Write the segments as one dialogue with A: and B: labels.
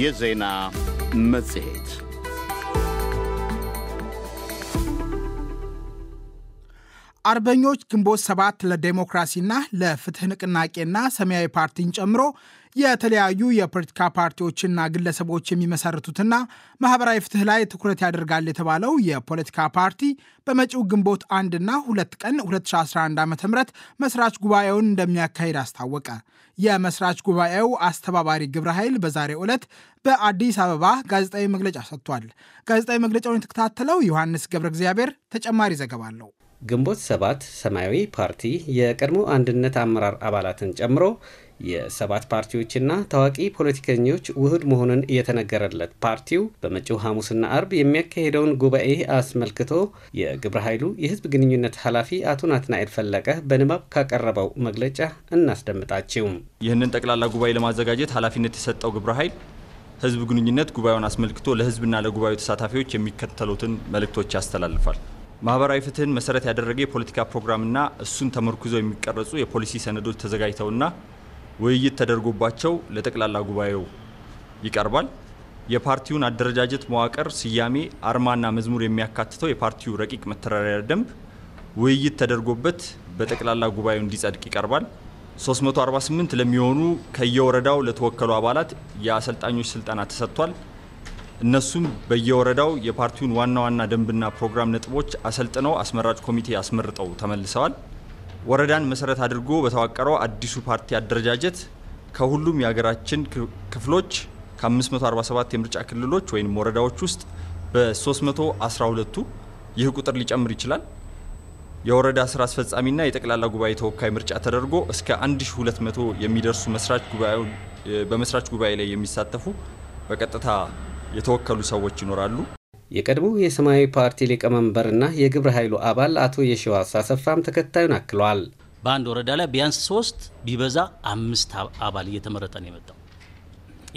A: የዜና መጽሔት አርበኞች ግንቦት ሰባት ለዴሞክራሲና ለፍትህ ንቅናቄና ሰማያዊ ፓርቲን ጨምሮ የተለያዩ የፖለቲካ ፓርቲዎችና ግለሰቦች የሚመሰርቱትና ማህበራዊ ፍትህ ላይ ትኩረት ያደርጋል የተባለው የፖለቲካ ፓርቲ በመጪው ግንቦት አንድና ሁለት ቀን 2011 ዓ ም መስራች ጉባኤውን እንደሚያካሂድ አስታወቀ። የመስራች ጉባኤው አስተባባሪ ግብረ ኃይል በዛሬ ዕለት በአዲስ አበባ ጋዜጣዊ መግለጫ ሰጥቷል። ጋዜጣዊ መግለጫውን የተከታተለው ዮሐንስ ገብረ እግዚአብሔር ተጨማሪ ዘገባ አለው።
B: ግንቦት ሰባት ሰማያዊ ፓርቲ የቀድሞ አንድነት አመራር አባላትን ጨምሮ የሰባት ፓርቲዎችና ታዋቂ ፖለቲከኞች ውህድ መሆኑን እየተነገረለት ፓርቲው በመጪው ሐሙስና አርብ የሚያካሄደውን ጉባኤ አስመልክቶ የግብረ ኃይሉ የህዝብ ግንኙነት ኃላፊ አቶ ናትናኤል ፈለቀ በንባብ ካቀረበው መግለጫ እናስደምጣችውም።
C: ይህንን ጠቅላላ ጉባኤ ለማዘጋጀት ኃላፊነት የሰጠው ግብረ ኃይል ህዝብ ግንኙነት ጉባኤውን አስመልክቶ ለህዝብና ለጉባኤው ተሳታፊዎች የሚከተሉትን መልእክቶች ያስተላልፋል። ማህበራዊ ፍትህን መሰረት ያደረገ የፖለቲካ ፕሮግራምና እሱን ተመርኩዘው የሚቀረጹ የፖሊሲ ሰነዶች ተዘጋጅተውና ውይይት ተደርጎባቸው ለጠቅላላ ጉባኤው ይቀርባል። የፓርቲውን አደረጃጀት፣ መዋቅር፣ ስያሜ፣ አርማና መዝሙር የሚያካትተው የፓርቲው ረቂቅ መተዳደሪያ ደንብ ውይይት ተደርጎበት በጠቅላላ ጉባኤው እንዲጸድቅ ይቀርባል። 348 ለሚሆኑ ከየወረዳው ለተወከሉ አባላት የአሰልጣኞች ስልጠና ተሰጥቷል። እነሱም በየወረዳው የፓርቲውን ዋና ዋና ደንብና ፕሮግራም ነጥቦች አሰልጥነው አስመራጭ ኮሚቴ አስመርጠው ተመልሰዋል። ወረዳን መሰረት አድርጎ በተዋቀረው አዲሱ ፓርቲ አደረጃጀት ከሁሉም የሀገራችን ክፍሎች ከ547 የምርጫ ክልሎች ወይም ወረዳዎች ውስጥ በ312ቱ ይህ ቁጥር ሊጨምር ይችላል የወረዳ ስራ አስፈጻሚና የጠቅላላ ጉባኤ ተወካይ ምርጫ ተደርጎ እስከ 1200 የሚደርሱ በመስራች ጉባኤ ላይ የሚሳተፉ በቀጥታ የተወከሉ ሰዎች ይኖራሉ።
B: የቀድሞ የሰማያዊ ፓርቲ ሊቀመንበርና የግብረ ኃይሉ አባል አቶ የሺዋስ አሰፋም ተከታዩን አክለዋል።
D: በአንድ ወረዳ ላይ ቢያንስ ሶስት ቢበዛ አምስት አባል እየተመረጠ ነው የመጣው።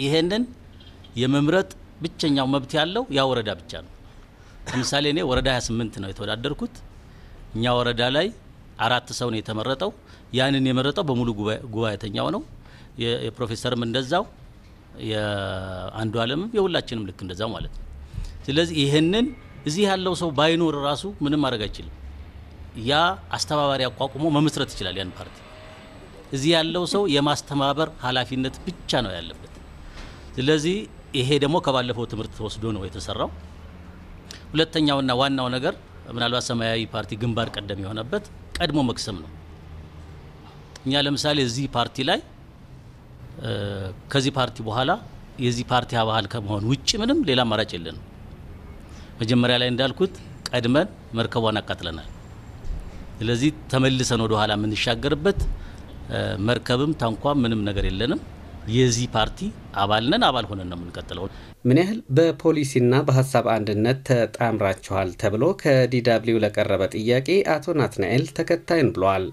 D: ይሄንን የመምረጥ ብቸኛው መብት ያለው ያ ወረዳ ብቻ ነው። ለምሳሌ እኔ ወረዳ 28 ነው የተወዳደርኩት። እኛ ወረዳ ላይ አራት ሰው ነው የተመረጠው። ያንን የመረጠው በሙሉ ጉባኤተኛው ነው። የፕሮፌሰርም እንደዛው የአንዱ አለም የሁላችንም ልክ እንደዛ ማለት ነው። ስለዚህ ይህንን እዚህ ያለው ሰው ባይኖር ራሱ ምንም ማድረግ አይችልም። ያ አስተባባሪ አቋቁሞ መመስረት ይችላል ያን ፓርቲ። እዚህ ያለው ሰው የማስተባበር ኃላፊነት ብቻ ነው ያለበት። ስለዚህ ይሄ ደግሞ ከባለፈው ትምህርት ተወስዶ ነው የተሰራው። ሁለተኛውና ዋናው ነገር ምናልባት ሰማያዊ ፓርቲ ግንባር ቀደም የሆነበት ቀድሞ መክሰም ነው። እኛ ለምሳሌ እዚህ ፓርቲ ላይ ከዚህ ፓርቲ በኋላ የዚህ ፓርቲ አባል ከመሆን ውጭ ምንም ሌላ አማራጭ የለንም። መጀመሪያ ላይ እንዳልኩት ቀድመን መርከቧን አቃጥለናል። ስለዚህ ተመልሰን ወደ ኋላ የምንሻገርበት መርከብም ታንኳም ምንም ነገር የለንም።
B: የዚህ ፓርቲ አባል ነን፣ አባል ሆነን ነው የምንቀጥለው። ምን ያህል በፖሊሲና በሀሳብ አንድነት ተጣምራችኋል ተብሎ ከዲዳብሊው ለቀረበ ጥያቄ አቶ ናትናኤል ተከታይን ብለዋል።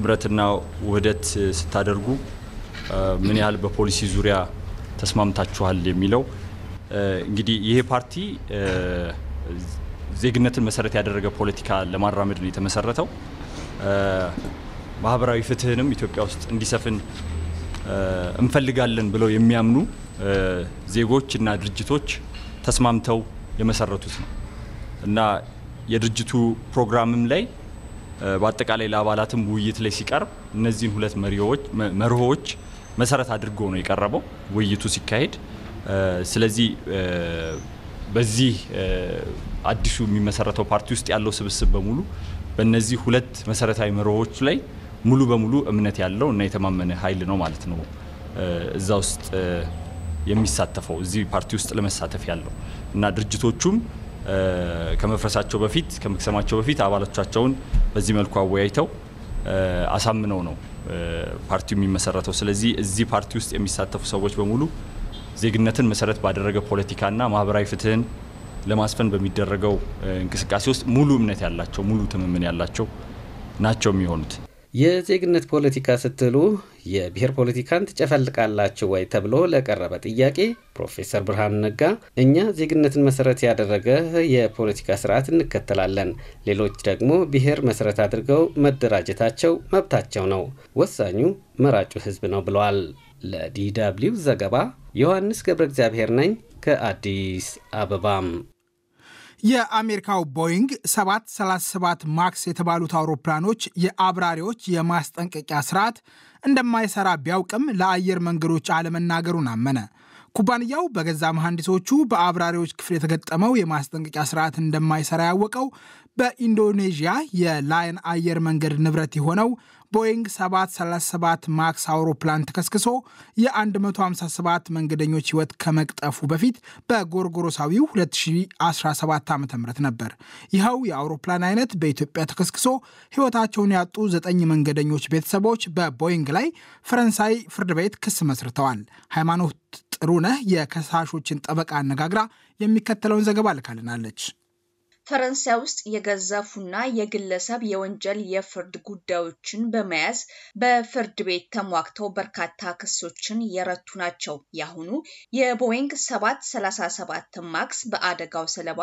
C: ህብረትና ውህደት ስታደርጉ ምን ያህል በፖሊሲ ዙሪያ ተስማምታችኋል የሚለው እንግዲህ ይሄ ፓርቲ ዜግነትን መሰረት ያደረገ ፖለቲካ ለማራመድ ነው የተመሰረተው። ማህበራዊ ፍትህንም ኢትዮጵያ ውስጥ እንዲሰፍን እንፈልጋለን ብለው የሚያምኑ ዜጎች እና ድርጅቶች ተስማምተው የመሰረቱት ነው እና የድርጅቱ ፕሮግራምም ላይ በአጠቃላይ ለአባላትም ውይይት ላይ ሲቀርብ እነዚህን ሁለት መርሆዎች መሰረት አድርጎ ነው የቀረበው ውይይቱ ሲካሄድ። ስለዚህ በዚህ አዲሱ የሚመሰረተው ፓርቲ ውስጥ ያለው ስብስብ በሙሉ በእነዚህ ሁለት መሰረታዊ መርሆዎች ላይ ሙሉ በሙሉ እምነት ያለው እና የተማመነ ኃይል ነው ማለት ነው እዛ ውስጥ የሚሳተፈው እዚህ ፓርቲ ውስጥ ለመሳተፍ ያለው እና ድርጅቶቹም ከመፍረሳቸው በፊት ከመክሰማቸው በፊት አባሎቻቸውን በዚህ መልኩ አወያይተው አሳምነው ነው ፓርቲው የሚመሰረተው። ስለዚህ እዚህ ፓርቲ ውስጥ የሚሳተፉ ሰዎች በሙሉ ዜግነትን መሰረት ባደረገ ፖለቲካና ማህበራዊ ፍትህን ለማስፈን በሚደረገው እንቅስቃሴ ውስጥ ሙሉ እምነት ያላቸው ሙሉ ትምምን ያላቸው ናቸው የሚሆኑት።
B: የዜግነት ፖለቲካ ስትሉ የብሔር ፖለቲካን ትጨፈልቃላችሁ ወይ ተብሎ ለቀረበ ጥያቄ ፕሮፌሰር ብርሃኑ ነጋ እኛ ዜግነትን መሰረት ያደረገ የፖለቲካ ስርዓት እንከተላለን፣ ሌሎች ደግሞ ብሔር መሰረት አድርገው መደራጀታቸው መብታቸው ነው፣ ወሳኙ መራጩ ህዝብ ነው ብለዋል። ለዲ ደብልዩ ዘገባ ዮሐንስ ገብረ እግዚአብሔር ነኝ ከአዲስ አበባም
A: የአሜሪካው ቦይንግ 737 ማክስ የተባሉት አውሮፕላኖች የአብራሪዎች የማስጠንቀቂያ ስርዓት እንደማይሰራ ቢያውቅም ለአየር መንገዶች አለመናገሩን አመነ። ኩባንያው በገዛ መሐንዲሶቹ በአብራሪዎች ክፍል የተገጠመው የማስጠንቀቂያ ስርዓት እንደማይሰራ ያወቀው በኢንዶኔዥያ የላየን አየር መንገድ ንብረት የሆነው ቦይንግ 737 ማክስ አውሮፕላን ተከስክሶ የ157 መንገደኞች ህይወት ከመቅጠፉ በፊት በጎርጎሮሳዊው 2017 ዓ ም ነበር። ይኸው የአውሮፕላን አይነት በኢትዮጵያ ተከስክሶ ህይወታቸውን ያጡ ዘጠኝ መንገደኞች ቤተሰቦች በቦይንግ ላይ ፈረንሳይ ፍርድ ቤት ክስ መስርተዋል። ሃይማኖት ጥሩነህ የከሳሾችን ጠበቃ አነጋግራ የሚከተለውን ዘገባ ልካልናለች።
E: ፈረንሳይ ውስጥ የገዘፉና የግለሰብ የወንጀል የፍርድ ጉዳዮችን በመያዝ በፍርድ ቤት ተሟግተው በርካታ ክሶችን የረቱ ናቸው። ያሁኑ የቦይንግ 737 ማክስ በአደጋው ሰለባ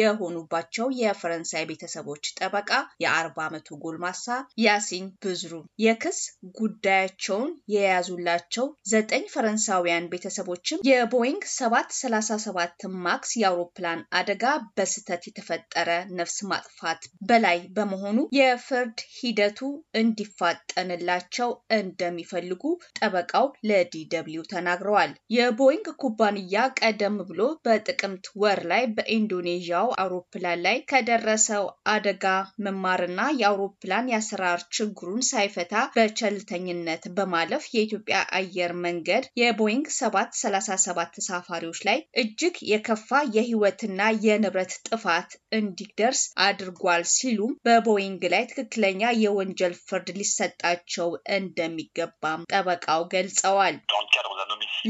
E: የሆኑባቸው የፈረንሳይ ቤተሰቦች ጠበቃ የ40 ዓመቱ ጎልማሳ ያሲን ብዝሩ የክስ ጉዳያቸውን የያዙላቸው ዘጠኝ ፈረንሳውያን ቤተሰቦችም የቦይንግ 737 ማክስ የአውሮፕላን አደጋ በስህተት የተፈጠ ከተፈጠረ ነፍስ ማጥፋት በላይ በመሆኑ የፍርድ ሂደቱ እንዲፋጠንላቸው እንደሚፈልጉ ጠበቃው ለዲደብሊው ተናግረዋል። የቦይንግ ኩባንያ ቀደም ብሎ በጥቅምት ወር ላይ በኢንዶኔዥያው አውሮፕላን ላይ ከደረሰው አደጋ መማርና የአውሮፕላን የአሰራር ችግሩን ሳይፈታ በቸልተኝነት በማለፍ የኢትዮጵያ አየር መንገድ የቦይንግ 737 ተሳፋሪዎች ላይ እጅግ የከፋ የሕይወትና የንብረት ጥፋት እንዲደርስ አድርጓል ሲሉም በቦይንግ ላይ ትክክለኛ የወንጀል ፍርድ ሊሰጣቸው እንደሚገባም ጠበቃው ገልጸዋል።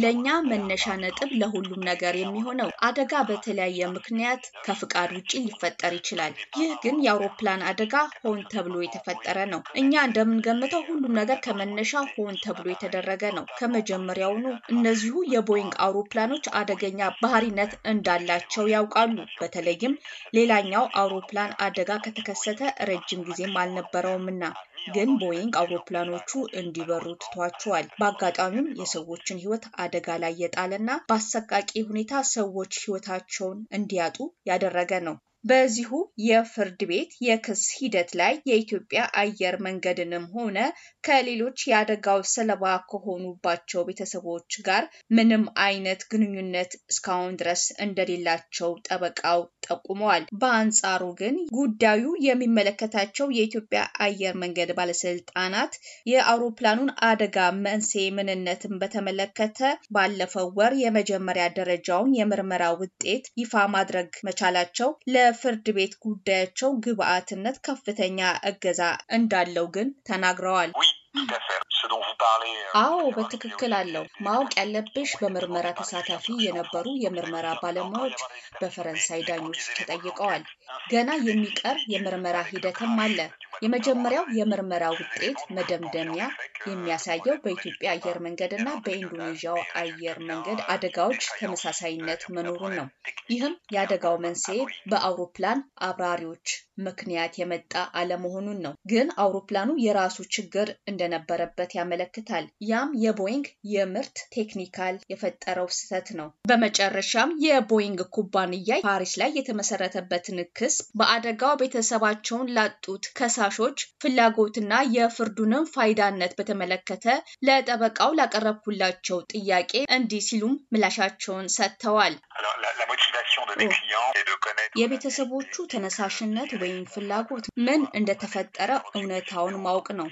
E: ለእኛ መነሻ ነጥብ ለሁሉም ነገር የሚሆነው አደጋ በተለያየ ምክንያት ከፍቃድ ውጭ ሊፈጠር ይችላል። ይህ ግን የአውሮፕላን አደጋ ሆን ተብሎ የተፈጠረ ነው። እኛ እንደምንገምተው ሁሉም ነገር ከመነሻ ሆን ተብሎ የተደረገ ነው። ከመጀመሪያውኑ እነዚሁ የቦይንግ አውሮፕላኖች አደገኛ ባህሪነት እንዳላቸው ያውቃሉ። በተለይም ሌላ ያኛው አውሮፕላን አደጋ ከተከሰተ ረጅም ጊዜም አልነበረውምና ግን ቦይንግ አውሮፕላኖቹ እንዲበሩ ትቷቸዋል። በአጋጣሚም የሰዎችን ህይወት አደጋ ላይ የጣለና በአሰቃቂ ሁኔታ ሰዎች ህይወታቸውን እንዲያጡ ያደረገ ነው። በዚሁ የፍርድ ቤት የክስ ሂደት ላይ የኢትዮጵያ አየር መንገድንም ሆነ ከሌሎች የአደጋው ሰለባ ከሆኑባቸው ቤተሰቦች ጋር ምንም አይነት ግንኙነት እስካሁን ድረስ እንደሌላቸው ጠበቃው ጠቁመዋል። በአንጻሩ ግን ጉዳዩ የሚመለከታቸው የኢትዮጵያ አየር መንገድ ባለስልጣናት የአውሮፕላኑን አደጋ መንስኤ ምንነትን በተመለከተ ባለፈው ወር የመጀመሪያ ደረጃውን የምርመራ ውጤት ይፋ ማድረግ መቻላቸው ለ ለፍርድ ቤት ጉዳያቸው ግብአትነት ከፍተኛ እገዛ እንዳለው ግን ተናግረዋል።
B: euh,
E: አዎ በትክክል አለው። euh, ማወቅ ያለብሽ በምርመራ ተሳታፊ የነበሩ የምርመራ ባለሙያዎች በፈረንሳይ ዳኞች ተጠይቀዋል። ገና የሚቀር የምርመራ ሂደትም አለ። የመጀመሪያው የምርመራ ውጤት መደምደሚያ የሚያሳየው በኢትዮጵያ አየር መንገድ እና በኢንዶኔዥያው አየር መንገድ አደጋዎች ተመሳሳይነት መኖሩን ነው። ይህም የአደጋው መንስኤ በአውሮፕላን አብራሪዎች ምክንያት የመጣ አለመሆኑን ነው። ግን አውሮፕላኑ የራሱ ችግር እንደነበረበት ያመለክታል። ያም የቦይንግ የምርት ቴክኒካል የፈጠረው ስህተት ነው። በመጨረሻም የቦይንግ ኩባንያ ፓሪስ ላይ የተመሰረተበትን ክስ በአደጋው ቤተሰባቸውን ላጡት ከሳ ተከሳሾች ፍላጎትና የፍርዱንም ፋይዳነት በተመለከተ ለጠበቃው ላቀረብኩላቸው ጥያቄ እንዲህ ሲሉም ምላሻቸውን ሰጥተዋል። oh. የቤተሰቦቹ ተነሳሽነት ወይም ፍላጎት ምን እንደተፈጠረ እውነታውን ማወቅ ነው።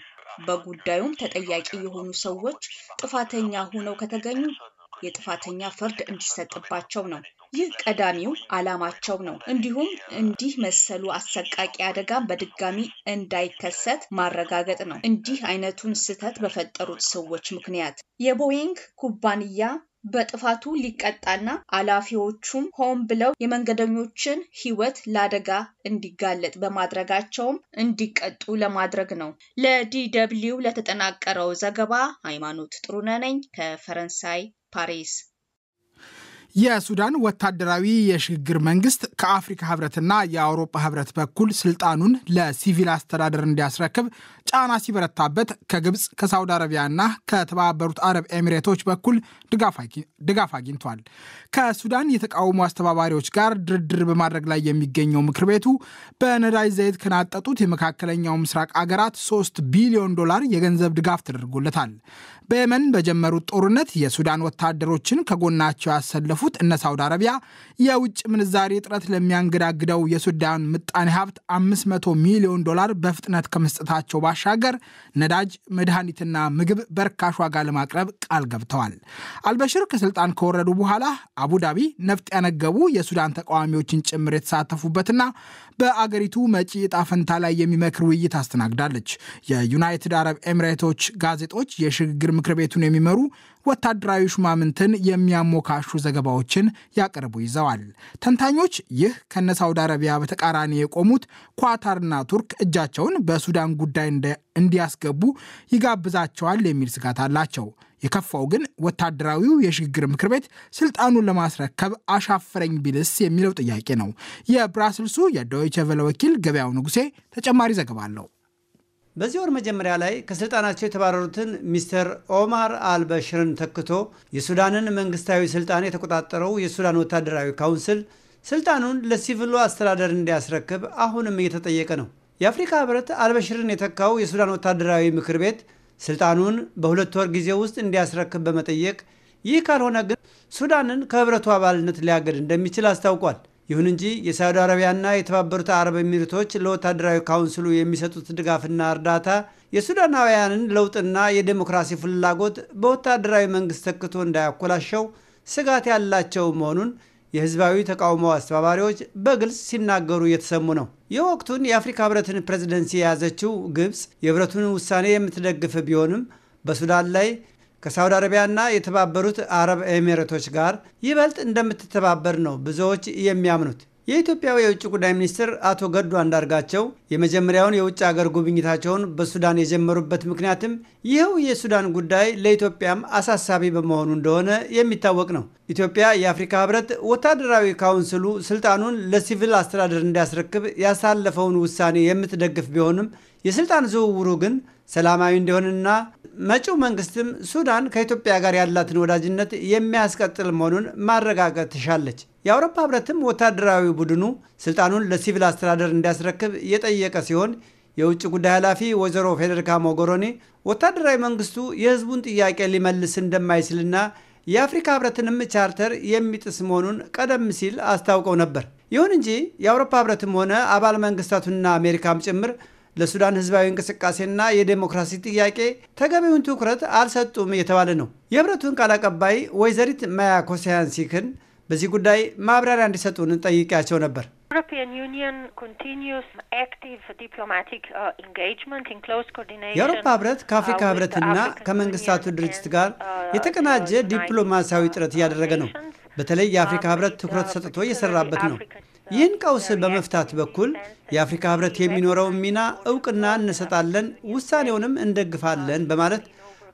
E: በጉዳዩም ተጠያቂ የሆኑ ሰዎች ጥፋተኛ ሆነው ከተገኙ የጥፋተኛ ፍርድ እንዲሰጥባቸው ነው። ይህ ቀዳሚው ዓላማቸው ነው። እንዲሁም እንዲህ መሰሉ አሰቃቂ አደጋ በድጋሚ እንዳይከሰት ማረጋገጥ ነው። እንዲህ አይነቱን ስህተት በፈጠሩት ሰዎች ምክንያት የቦይንግ ኩባንያ በጥፋቱ ሊቀጣና አላፊዎቹም ሆን ብለው የመንገደኞችን ሕይወት ለአደጋ እንዲጋለጥ በማድረጋቸውም እንዲቀጡ ለማድረግ ነው። ለዲደብሊው ለተጠናቀረው ዘገባ ሃይማኖት ጥሩነህ ነኝ ከፈረንሳይ ፓሪስ።
A: የሱዳን ወታደራዊ የሽግግር መንግስት ከአፍሪካ ህብረትና የአውሮፓ ህብረት በኩል ስልጣኑን ለሲቪል አስተዳደር እንዲያስረክብ ጫና ሲበረታበት ከግብፅ ከሳውዲ አረቢያና ከተባበሩት አረብ ኤሚሬቶች በኩል ድጋፍ አግኝቷል። ከሱዳን የተቃውሞ አስተባባሪዎች ጋር ድርድር በማድረግ ላይ የሚገኘው ምክር ቤቱ በነዳጅ ዘይት ከናጠጡት የመካከለኛው ምስራቅ አገራት 3 ቢሊዮን ዶላር የገንዘብ ድጋፍ ተደርጎለታል። በየመን በጀመሩት ጦርነት የሱዳን ወታደሮችን ከጎናቸው ያሰለፉት እነ ሳውዲ አረቢያ የውጭ ምንዛሬ እጥረት ለሚያንገዳግደው የሱዳን ምጣኔ ሀብት 500 ሚሊዮን ዶላር በፍጥነት ከመስጠታቸው ባሻገር ነዳጅ፣ መድኃኒትና ምግብ በርካሽ ዋጋ ለማቅረብ ቃል ገብተዋል። አልበሽር ከስልጣን ከወረዱ በኋላ አቡዳቢ ነፍጥ ያነገቡ የሱዳን ተቃዋሚዎችን ጭምር የተሳተፉበትና በአገሪቱ መጪ ዕጣ ፈንታ ላይ የሚመክር ውይይት አስተናግዳለች። የዩናይትድ አረብ ኤምሬቶች ጋዜጦች የሽግግር ምክር ቤቱን የሚመሩ ወታደራዊ ሹማምንትን የሚያሞካሹ ዘገባዎችን ያቀርቡ ይዘዋል። ተንታኞች ይህ ከነ ሳውዲ አረቢያ በተቃራኒ የቆሙት ኳታርና ቱርክ እጃቸውን በሱዳን ጉዳይ እንዲያስገቡ ይጋብዛቸዋል የሚል ስጋት አላቸው። የከፋው ግን ወታደራዊው የሽግግር ምክር ቤት ስልጣኑን ለማስረከብ አሻፈረኝ ቢልስ
F: የሚለው ጥያቄ ነው። የብራስልሱ የዶይቸ ቨለ ወኪል ገበያው ንጉሴ ተጨማሪ ዘገባ አለው። በዚህ ወር መጀመሪያ ላይ ከስልጣናቸው የተባረሩትን ሚስተር ኦማር አልበሽርን ተክቶ የሱዳንን መንግስታዊ ስልጣን የተቆጣጠረው የሱዳን ወታደራዊ ካውንስል ስልጣኑን ለሲቪሉ አስተዳደር እንዲያስረክብ አሁንም እየተጠየቀ ነው። የአፍሪካ ህብረት አልበሽርን የተካው የሱዳን ወታደራዊ ምክር ቤት ስልጣኑን በሁለት ወር ጊዜ ውስጥ እንዲያስረክብ በመጠየቅ ይህ ካልሆነ ግን ሱዳንን ከህብረቱ አባልነት ሊያገድ እንደሚችል አስታውቋል። ይሁን እንጂ የሳዑዲ አረቢያና የተባበሩት አረብ ኤሚሬቶች ለወታደራዊ ካውንስሉ የሚሰጡት ድጋፍና እርዳታ የሱዳናውያንን ለውጥና የዴሞክራሲ ፍላጎት በወታደራዊ መንግስት ተክቶ እንዳያኮላሸው ስጋት ያላቸው መሆኑን የህዝባዊ ተቃውሞ አስተባባሪዎች በግልጽ ሲናገሩ እየተሰሙ ነው። የወቅቱን የአፍሪካ ህብረትን ፕሬዝደንሲ የያዘችው ግብፅ የህብረቱን ውሳኔ የምትደግፍ ቢሆንም በሱዳን ላይ ከሳውዲ አረቢያና የተባበሩት አረብ ኤሚሬቶች ጋር ይበልጥ እንደምትተባበር ነው ብዙዎች የሚያምኑት። የኢትዮጵያው የውጭ ጉዳይ ሚኒስትር አቶ ገዱ አንዳርጋቸው የመጀመሪያውን የውጭ አገር ጉብኝታቸውን በሱዳን የጀመሩበት ምክንያትም ይኸው የሱዳን ጉዳይ ለኢትዮጵያም አሳሳቢ በመሆኑ እንደሆነ የሚታወቅ ነው። ኢትዮጵያ የአፍሪካ ሕብረት ወታደራዊ ካውንስሉ ስልጣኑን ለሲቪል አስተዳደር እንዲያስረክብ ያሳለፈውን ውሳኔ የምትደግፍ ቢሆንም የስልጣን ዝውውሩ ግን ሰላማዊ እንዲሆንና መጪው መንግስትም ሱዳን ከኢትዮጵያ ጋር ያላትን ወዳጅነት የሚያስቀጥል መሆኑን ማረጋገጥ ትሻለች። የአውሮፓ ህብረትም ወታደራዊ ቡድኑ ስልጣኑን ለሲቪል አስተዳደር እንዲያስረክብ የጠየቀ ሲሆን የውጭ ጉዳይ ኃላፊ ወይዘሮ ፌዴሪካ ሞጎሮኒ ወታደራዊ መንግስቱ የህዝቡን ጥያቄ ሊመልስ እንደማይችልና የአፍሪካ ህብረትንም ቻርተር የሚጥስ መሆኑን ቀደም ሲል አስታውቀው ነበር። ይሁን እንጂ የአውሮፓ ህብረትም ሆነ አባል መንግስታቱና አሜሪካም ጭምር ለሱዳን ህዝባዊ እንቅስቃሴና የዴሞክራሲ ጥያቄ ተገቢውን ትኩረት አልሰጡም እየተባለ ነው። የህብረቱን ቃል አቀባይ ወይዘሪት ማያ ሲክን በዚህ ጉዳይ ማብራሪያ እንዲሰጡን ጠይቄያቸው ነበር።
D: uh, የአውሮፓ ህብረት ከአፍሪካ ህብረትና
F: ከመንግስታቱ ድርጅት uh, ጋር የተቀናጀ ዲፕሎማሲያዊ ጥረት እያደረገ ነው። በተለይ የአፍሪካ ህብረት ትኩረት ሰጥቶ እየሰራበት ነው። ይህን ቀውስ በመፍታት በኩል የአፍሪካ ህብረት የሚኖረውን ሚና እውቅና እንሰጣለን፣ ውሳኔውንም እንደግፋለን በማለት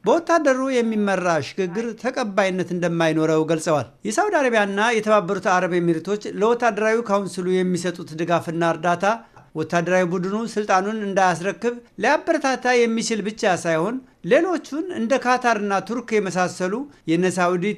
F: በወታደሩ የሚመራ ሽግግር ተቀባይነት እንደማይኖረው ገልጸዋል። የሳውዲ አረቢያና የተባበሩት አረብ ኤሚሬቶች ለወታደራዊ ካውንስሉ የሚሰጡት ድጋፍና እርዳታ ወታደራዊ ቡድኑ ስልጣኑን እንዳያስረክብ ሊያበረታታ የሚችል ብቻ ሳይሆን ሌሎቹን እንደ ካታርና ቱርክ የመሳሰሉ የነ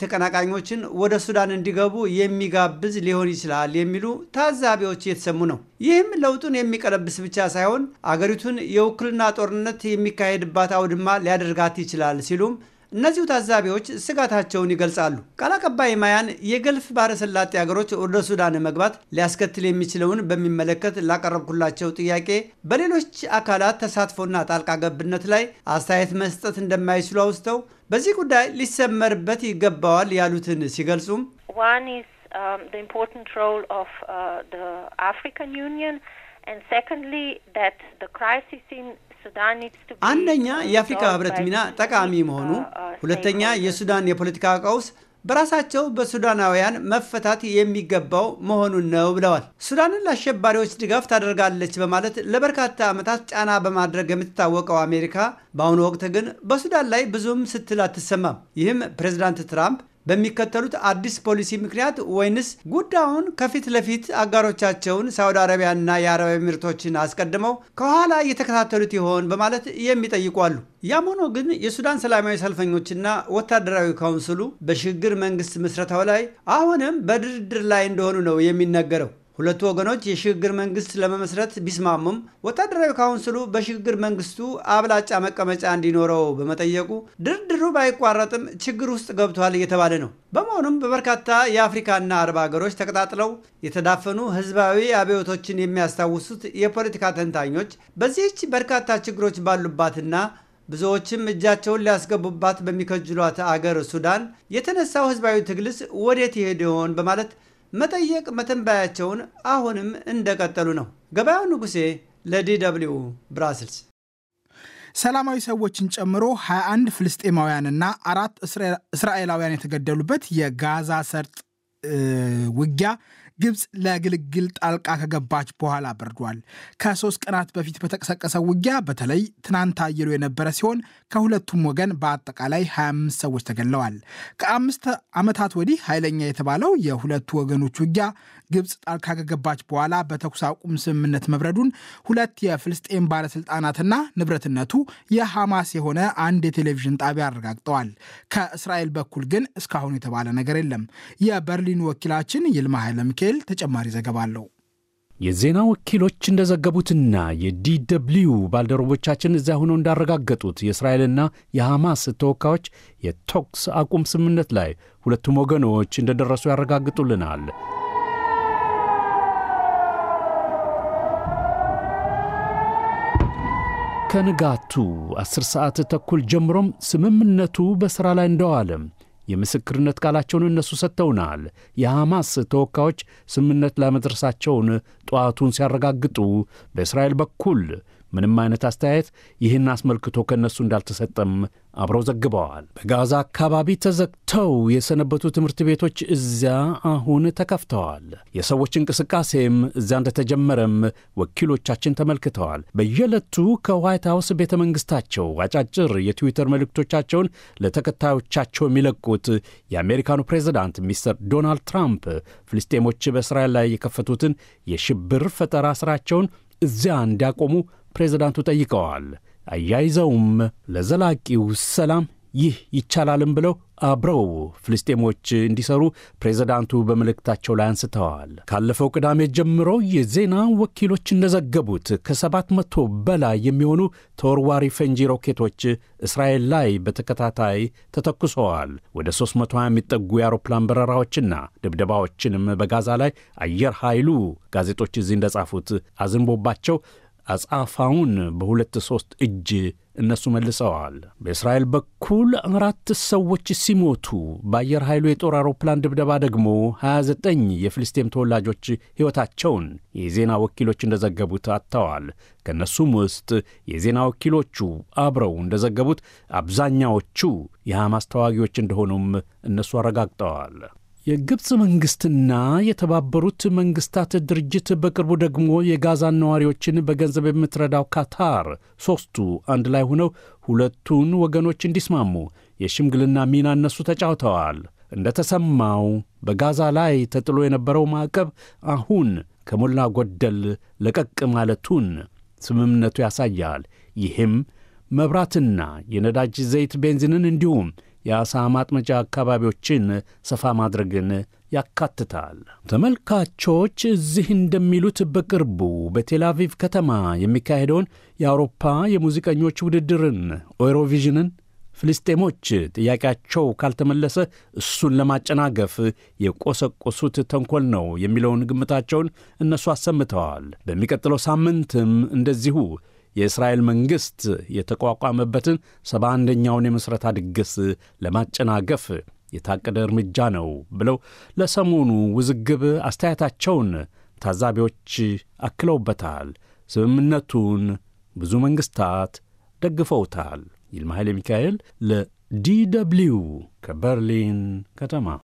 F: ተቀናቃኞችን ወደ ሱዳን እንዲገቡ የሚጋብዝ ሊሆን ይችላል የሚሉ ታዛቢዎች የተሰሙ ነው። ይህም ለውጡን የሚቀለብስ ብቻ ሳይሆን አገሪቱን የውክልና ጦርነት የሚካሄድባት አውድማ ሊያደርጋት ይችላል ሲሉም እነዚሁ ታዛቢዎች ስጋታቸውን ይገልጻሉ። ቃል አቀባይ ማያን የገልፍ ባህረ ሰላጤ ሀገሮች ወደ ሱዳን መግባት ሊያስከትል የሚችለውን በሚመለከት ላቀረብኩላቸው ጥያቄ በሌሎች አካላት ተሳትፎና ጣልቃ ገብነት ላይ አስተያየት መስጠት እንደማይችሉ አውስተው በዚህ ጉዳይ ሊሰመርበት ይገባዋል ያሉትን ሲገልጹም
C: አንደኛ የአፍሪካ ህብረት ሚና
F: ጠቃሚ መሆኑ፣ ሁለተኛ የሱዳን የፖለቲካ ቀውስ በራሳቸው በሱዳናውያን መፈታት የሚገባው መሆኑን ነው ብለዋል። ሱዳንን ለአሸባሪዎች ድጋፍ ታደርጋለች በማለት ለበርካታ ዓመታት ጫና በማድረግ የምትታወቀው አሜሪካ በአሁኑ ወቅት ግን በሱዳን ላይ ብዙም ስትል አትሰማም። ይህም ፕሬዚዳንት ትራምፕ በሚከተሉት አዲስ ፖሊሲ ምክንያት ወይንስ ጉዳዩን ከፊት ለፊት አጋሮቻቸውን ሳውዲ አረቢያና የአረብ ኤሚሬቶችን አስቀድመው ከኋላ እየተከታተሉት ይሆን በማለት የሚጠይቁ አሉ። ያም ሆኖ ግን የሱዳን ሰላማዊ ሰልፈኞችና ወታደራዊ ካውንስሉ በሽግግር መንግስት ምስረታው ላይ አሁንም በድርድር ላይ እንደሆኑ ነው የሚነገረው። ሁለቱ ወገኖች የሽግግር መንግስት ለመመስረት ቢስማሙም ወታደራዊ ካውንስሉ በሽግግር መንግስቱ አብላጫ መቀመጫ እንዲኖረው በመጠየቁ ድርድሩ ባይቋረጥም ችግር ውስጥ ገብቷል እየተባለ ነው። በመሆኑም በበርካታ የአፍሪካና አረብ ሀገሮች ተቀጣጥለው የተዳፈኑ ህዝባዊ አብዮቶችን የሚያስታውሱት የፖለቲካ ተንታኞች በዚህች በርካታ ችግሮች ባሉባትና ብዙዎችም እጃቸውን ሊያስገቡባት በሚከጅሏት አገር ሱዳን የተነሳው ህዝባዊ ትግልስ ወዴት ይሄድ ይሆን በማለት መጠየቅ መተንባያቸውን አሁንም እንደቀጠሉ ነው። ገበያው ንጉሴ ለዲደብሊው ብራስልስ።
A: ሰላማዊ ሰዎችን ጨምሮ 21 ፍልስጤማውያንና አራት እስራኤላውያን የተገደሉበት የጋዛ ሰርጥ ውጊያ ግብፅ ለግልግል ጣልቃ ከገባች በኋላ በርዷል። ከሶስት ቀናት በፊት በተቀሰቀሰው ውጊያ በተለይ ትናንት አየሩ የነበረ ሲሆን ከሁለቱም ወገን በአጠቃላይ 25 ሰዎች ተገለዋል። ከአምስት ዓመታት ወዲህ ኃይለኛ የተባለው የሁለቱ ወገኖች ውጊያ ግብፅ ጣልቃ ከገባች በኋላ በተኩስ አቁም ስምምነት መብረዱን ሁለት የፍልስጤም ባለስልጣናትና ንብረትነቱ የሐማስ የሆነ አንድ የቴሌቪዥን ጣቢያ አረጋግጠዋል። ከእስራኤል በኩል ግን እስካሁን የተባለ ነገር የለም። የበርሊን ወኪላችን ይልማ ኃይለ ሚካኤል ተጨማሪ ዘገባ አለው።
G: የዜና ወኪሎች እንደዘገቡትና የዲደብልዩ ባልደረቦቻችን እዚያ ሆነው እንዳረጋገጡት የእስራኤልና የሐማስ ተወካዮች የተኩስ አቁም ስምምነት ላይ ሁለቱም ወገኖች እንደደረሱ ያረጋግጡልናል። ከንጋቱ ዐሥር ሰዓት ተኩል ጀምሮም ስምምነቱ በሥራ ላይ እንደዋለ የምስክርነት ቃላቸውን እነሱ ሰጥተውናል። የሐማስ ተወካዮች ስምምነት ላይ መድረሳቸውን ጠዋቱን ሲያረጋግጡ በእስራኤል በኩል ምንም አይነት አስተያየት ይህን አስመልክቶ ከእነሱ እንዳልተሰጠም አብረው ዘግበዋል። በጋዛ አካባቢ ተዘግተው የሰነበቱ ትምህርት ቤቶች እዚያ አሁን ተከፍተዋል። የሰዎች እንቅስቃሴም እዚያ እንደተጀመረም ወኪሎቻችን ተመልክተዋል። በየለቱ ከዋይት ሀውስ ቤተ መንግሥታቸው አጫጭር የትዊተር መልእክቶቻቸውን ለተከታዮቻቸው የሚለቁት የአሜሪካኑ ፕሬዚዳንት ሚስተር ዶናልድ ትራምፕ ፍልስጤሞች በእስራኤል ላይ የከፈቱትን የሽብር ፈጠራ ሥራቸውን እዚያ እንዲያቆሙ ፕሬዝዳንቱ ጠይቀዋል። አያይዘውም ለዘላቂው ሰላም ይህ ይቻላልም ብለው አብረው ፍልስጤሞች እንዲሰሩ ፕሬዝዳንቱ በመልእክታቸው ላይ አንስተዋል። ካለፈው ቅዳሜ ጀምሮ የዜና ወኪሎች እንደዘገቡት ከሰባት መቶ በላይ የሚሆኑ ተወርዋሪ ፈንጂ ሮኬቶች እስራኤል ላይ በተከታታይ ተተኩሰዋል። ወደ 320 የሚጠጉ የአውሮፕላን በረራዎችና ድብደባዎችንም በጋዛ ላይ አየር ኃይሉ ጋዜጦች እዚህ እንደጻፉት አዝንቦባቸው አጻፋውን በሁለት ሦስት እጅ እነሱ መልሰዋል። በእስራኤል በኩል አራት ሰዎች ሲሞቱ በአየር ኃይሉ የጦር አውሮፕላን ድብደባ ደግሞ 29 የፍልስጤም ተወላጆች ሕይወታቸውን የዜና ወኪሎች እንደዘገቡት አጥተዋል። ከእነሱም ውስጥ የዜና ወኪሎቹ አብረው እንደዘገቡት አብዛኛዎቹ የሐማስ ተዋጊዎች እንደሆኑም እነሱ አረጋግጠዋል። የግብፅ መንግስትና የተባበሩት መንግስታት ድርጅት በቅርቡ ደግሞ የጋዛን ነዋሪዎችን በገንዘብ የምትረዳው ካታር ሦስቱ አንድ ላይ ሆነው ሁለቱን ወገኖች እንዲስማሙ የሽምግልና ሚና እነሱ ተጫውተዋል። እንደተሰማው በጋዛ ላይ ተጥሎ የነበረው ማዕቀብ አሁን ከሞላ ጎደል ለቀቅ ማለቱን ስምምነቱ ያሳያል። ይህም መብራትና የነዳጅ ዘይት ቤንዚንን እንዲሁም የአሳ ማጥመጃ አካባቢዎችን ሰፋ ማድረግን ያካትታል። ተመልካቾች እዚህ እንደሚሉት በቅርቡ በቴላቪቭ ከተማ የሚካሄደውን የአውሮፓ የሙዚቀኞች ውድድርን ኤሮቪዥንን ፍልስጤሞች ጥያቄያቸው ካልተመለሰ እሱን ለማጨናገፍ የቆሰቆሱት ተንኮል ነው የሚለውን ግምታቸውን እነሱ አሰምተዋል። በሚቀጥለው ሳምንትም እንደዚሁ የእስራኤል መንግሥት የተቋቋመበትን ሰባ አንደኛውን የምሥረታ ድግስ ለማጨናገፍ የታቀደ እርምጃ ነው ብለው ለሰሞኑ ውዝግብ አስተያየታቸውን ታዛቢዎች አክለውበታል። ስምምነቱን ብዙ መንግሥታት ደግፈውታል። ይልማ ኃይለ ሚካኤል ለዲ ደብልዩ ከበርሊን ከተማ